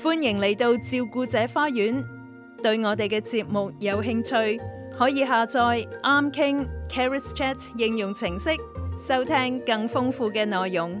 歡迎嚟到照顧者花園，對我哋嘅節目有興趣，可以下載啱傾 Careers Chat 應用程式，收聽更豐富嘅內容。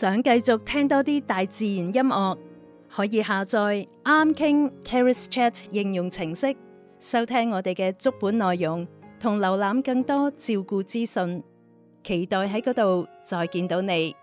想繼續聽多啲大自然音樂，可以下載啱傾 Carers Chat 應用程式，收聽我哋嘅足本內容，同瀏覽更多照顧資訊。期待喺嗰度再見到你。